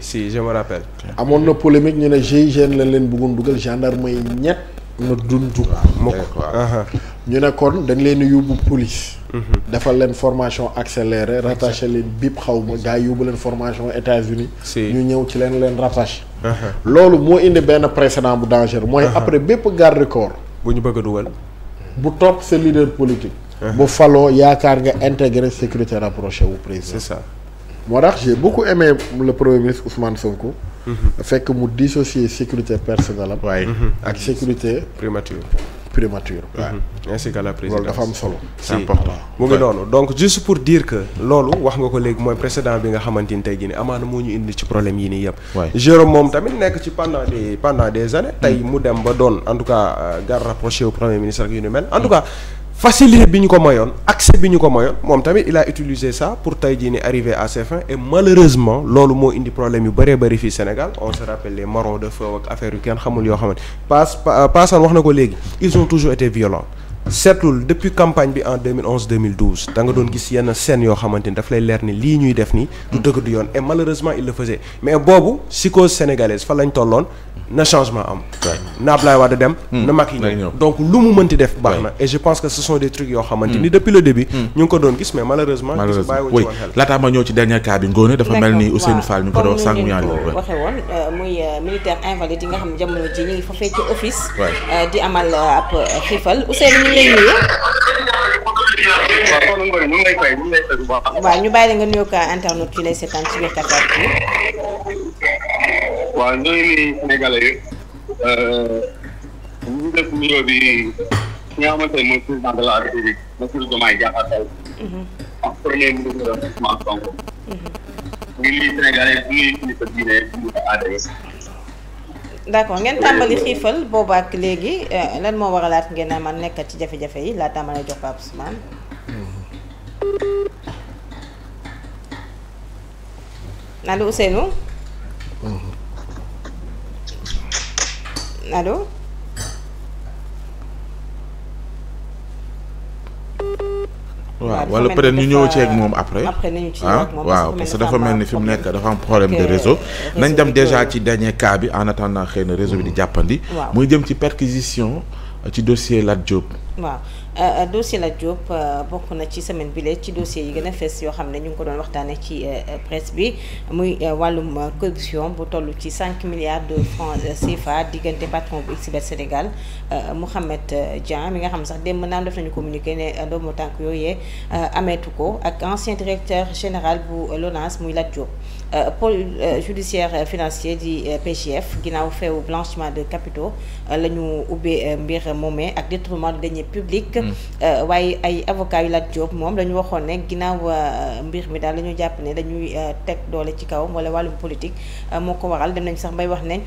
si je me rappelle. amoon na polémique ñu ne GIGN la leen bëggoon dugal gendarme yi ñett na dund. waaw ah, ñu ne kon dañ leen yóbbu police. Mhm. defal leen formation accélérée rattaché leen bip xaw ma gars yi yóbbu leen formation États-Unis ñu ñëw ci leen leen rattaché. loolu moo indi benn précédent bu dangereux. mooy après bépp garde corps. bu ñu bëgg a dugal. bu topp sa leader politique. bu faloo yaakaar nga intégré sécurité rapproché wu président. c'est moo tax j'ai ko aimé le premier ministre Ousmane Sonko. Mhm. fekk mu dissocier sécurité personnelle am. waaye mhm. mhm. ak sécurité. primature. primature. loolu dafa am solo. c'est important mu ngi noonu donc juste pour dire que. loolu wax nga ko léegi mooy précédent bi nga xamante ni tey jii nii amaana moo ñu indi ci problème yi nii yëpp. waay Jérôme moom tamit nekk ci pendant des pendant des années. tey mm. mu dem ba doon en tout cas euh, garde rapproché premier ministre ak yu mel en facilité bi ñu ko mayoon accès bi ñu ko mayoon moom tamit il a utilisé ça pour tey jii ni arriver à et malheureusement loolu moo indi problème yu baree bari fii Sénégal on se rappelle les de feu ak affaire yu kenn xamul yoo xamante paas paasan wax na ko léegi ils ont toujours été violents seetlul depuis campagne bi en 2011 doon gis yenn scènes yoo xamante ni lay leer ni lii ñuy def ni du dëgg du yoon malheureusement il le mais boobu psychose sénégalaise fa lañ tolloon na changement am na Ablaye Wade dem hmm. na Macky ñëw donc lu mu mënti def baax na et je pense que ce sont des trucs yoo xamante hmm. depuis le début hmm. ñu ngi ko doon gis mais malheureusement gis bàyyiwuñ ci woon xel laataa ma ñëw ci dernier bi ngóone dafa mel ni Ousseynou Fall euh, euh, ñu ngi ko doon sànq ñaari woon ngi lay nuyu. waaw ñu bàyyi la nga nuyoo ak internet ki lay seetaan ci biir Dakar bi. waaw ñooñu nii Sénégalais yëpp euh, ñu def nuyoo bi ki nga xamante ne mooy président de la République monsieur Diomaye Diakhar Faye. Mhm. ak premier ministre Ousmane Sonko. Mhm. ñu ngi Sénégalais bu ñuy kilifa diine kilifa aada d'accord ngeen tàmbali xiifal boobu ak léegi euh, lan moo war a laat ngeen a man nekkat ci jafe-jafe yi laa tàmbalee jox Pape Ousmane. Mm-hmm. allo Ousseynou. Mm-hmm. allo. waaw wala peut-être ñu ñëw ci ak moom après ah waaw parce que dafa mel ni fi mu nekk dafa am problème de réseau nañ dem déjà ci dernier cas bi en attendant xëy na réseau bi di mm. jàppandi muy jëm ci perquisition ci dossier Lat Diop waaw Euh, euh, dossier Lat Diop euh, bokk na ci semaine bi lee ci dossier yi gën a fees yoo xam ne ñu ngi ko doon waxtaane ci presse bi muy wàllum corruption bu toll ci cinq milliards de francs CFA diggante patron bu Xbet Sénégal Mouhamed Dieng mi nga xam sax démb naam def nañu communiqué ne doomu tànk yooyee ameetu ko ak ancien directeur général bu LONASE muy Lat Diop pôle judiciaire financier di PJF ginnaaw feewu blanchiment de capitaux la ñu ubbee mbir moomee ak détournement de deniers Mm. Euh, waaye ay avocat yu Lat Diop moom dañu waxoon ne ginnaaw euh, mbir mi daal dañoo jàpp ne dañuy euh, teg doole ci kaw wala wàllum politique moo ko waral dem nañ sax mbay wax ne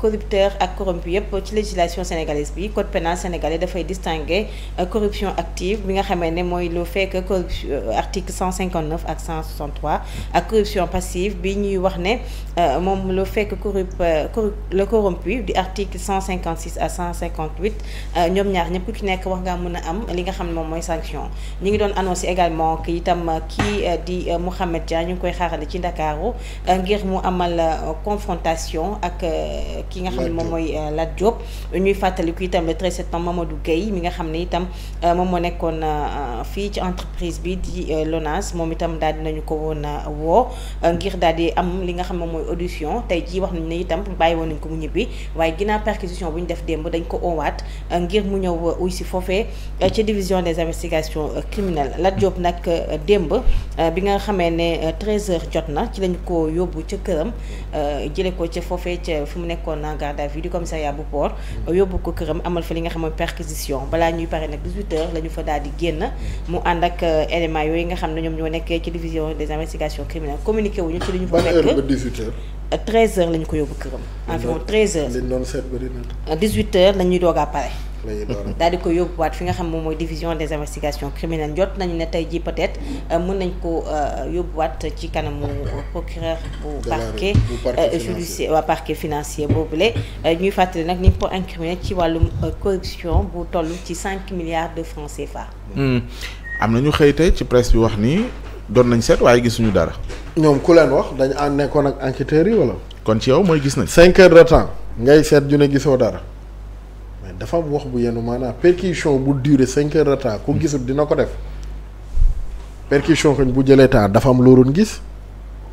corrupteur ak corrompu yëpp ci législation sénégalaise bi code pénal sénégalais dafay distinguer corruption active bi nga xamee ne mooy lu fekk corruption article 159 ak 163 ak corruption passive bi ñuy wax ne moom lu fekk corrup le corrompu di article 156 à 158 ñoom ñaar ñëpp ku ci nekk wax nga mun am li nga xam ne moom mooy sanction ñu ngi doon annoncé également que itam kii euh, di euh, Mouhamed Dia ñu ngi koy xaarale ci Ndakaaru euh, ngir mu amal confrontation ak ki nga xam ne moom mooy Lat Diop ñuy fàttaliku itam le 13 septembre Mamadou Gueye mi nga xam ne itam moom moo nekkoon fii ci entreprise bi di LONASE moom itam daal dinañu ko woon woo ngir daal di am li nga xam ne moom mooy audition tey ji wax nañ ne itam bàyyi woon nañu ko mu ñibbi waaye ginnaaw perquisition bu ñu def démb dañ ko oowaat ngir mu ñëw uy si foofee Euh, ci division des investigations euh, criminelles Lat Diop nag euh, démb bi nga xamee ne 13h jot na ci lañ ko yóbbu ca këram jëlee ko ca foofee ca fi mu nekkoon en garde à vue du commissariat bu port mm. yóbbu ko këram amal fa li nga xam ne perquisition balaa ñuy pare nag 18h la ñu fa daal di génn mm. mu ànd ak éléments yooyu nga xam ne ñoom ñoo nekkee ci division des investigations criminelles communiqué wuñu ci li ñu fa nekk ban heure ba la ñu ko yóbbu këram. environ 13h li ñu la ñuy doog a daal di ko yóbbuwaat fi nga xam moom mooy division des investigations criminelles jot nañu ne tey jii peut euh, mën nañ ko euh, yóbbuwaat ci kanamu euh, procureur bu parquet judiciaire waa parquet financier boobule ñuy fàttali nag ni ko incriminé ci wàllu corruption bu toll ci cinq milliards de francs fa hmm. am na ñu xëy tey ci presse bi wax ni doon nañ seet waaye gisuñu dara ñoom ku leen wax dañ ànd nekkoon ak enquêteurs yi wala kon ci yow mooy gis nañ cinq heures de temps ngay seet ju ne gisoo dara dafa am wax bu yenu maanaa perquisition bu durer cinq heures de temps ku hmm. gisul dina ko def perquisition kañ bu jëlee temps dafa am looroon gis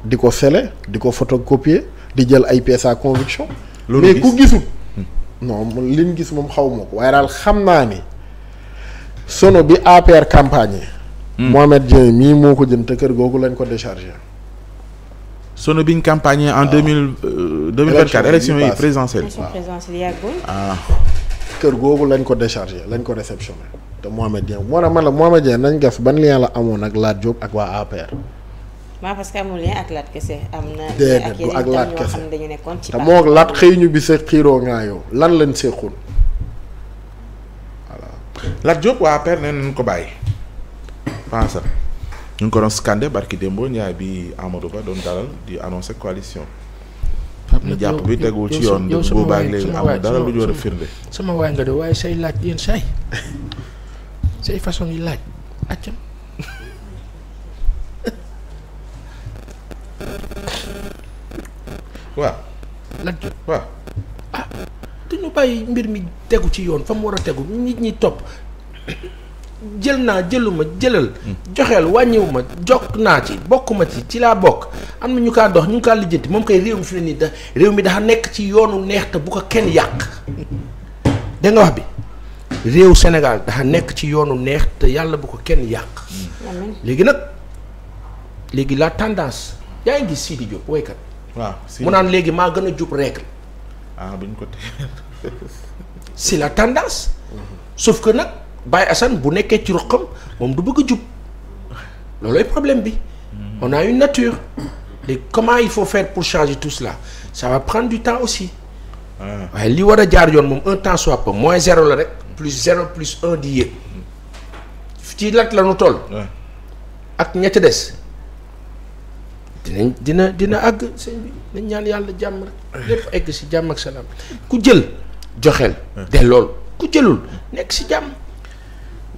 di ko sele di ko photocopier di jël ay pièces à conviction mais ku gisul hmm. non liñ gis moom xaw ma ko waaye daal xam naa ni sono bi APR campagne hmm. Mohamed Dieng mii moo ko jënd te kër googu lañ ko déchargé sono biñ campagne en deux mille euh, deux mille vingt quatre élection yi présidentielle waaw présidentielle yàggul ah. kër googu lañ ko déchargé lañ ko réceptionné te moo tax man la Mohamed Dieng nañ gas ban lien la amoon ak Lat Diop ak waa APR. waaw parce que amul te moo ak Lat xëy ñu bi sa xiiroo ngaayoo lan lañ seqoon voilà. Lat Diop waa APR nee nañ ko bàyyi. pensé ñu ngi ko doon scandé barki démbo Ndiaye bi Amadou Ba doon dalal di annoncé coalition. ñu jàpp bi tegul ci yoon yow sama waay léegi am dara lu ñu war a firnde sama waay nga de waaye say laaj yéen say say façon yi laaj accam waaw laaj jot waaw ah dañu bàyyi mbir mi tegu ci yoon fa mu war a tegu nit ñi topp jël naa jëluma jëlal joxeel wàññiwu ma jokk naa ci bokkuma ci ci laa bokk am na ñu kaa dox ñu ngi kaa lijjanti moom kay réew mi fi ne nii da réew mi dafa nekk ci yoonu neex te bu ko kenn yàq da wax bi réew Sénégal dafa nekk ci yoonu neex te yàlla bu ko kenn yàq léegi nag léegi la tendance yaa ngi gis Sidi Diop waykat waaw mu naan léegi maa gën a jub règle ah buñ ko si la tendance mm-hmm. sauf ko nag Baye Assane bu nekkee ci ruqam moom du bëgg a jub loolooy problème bi on a une nature léegi comment il faut faire pour changer tout cela ça va prendre du temps aussi ah. waaye li war a jaar yoon moom un temps soit peu moins zéro la rek plus zéro plus un di yéeg ci lat la ñu toll ak ña des dinañ dina dina àgg sëñ bi ñaan yàlla jàmm rek lépp egg si jàmm ak salaam ku jël joxeel del lool ku jëlul nekk si jàmm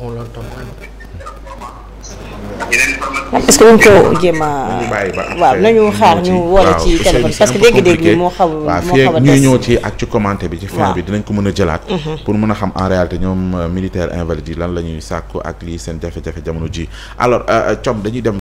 on l'entend vraiment. est-ce que duñ ko jéem a. waaw nañu xaar ñu wala ci téléphone parce que dégg-dégg moo xaw moo xaw a des ñëw ci ak ci commenté bi. ci fin bi dinañ ko mën a jëlaat. Mhm. pour mën a xam en réalité ñoom militaire invalide yi lan la ñuy sàkku ak lii seen jafe-jafe jamono ji alors com euh, euh, dañuy dem.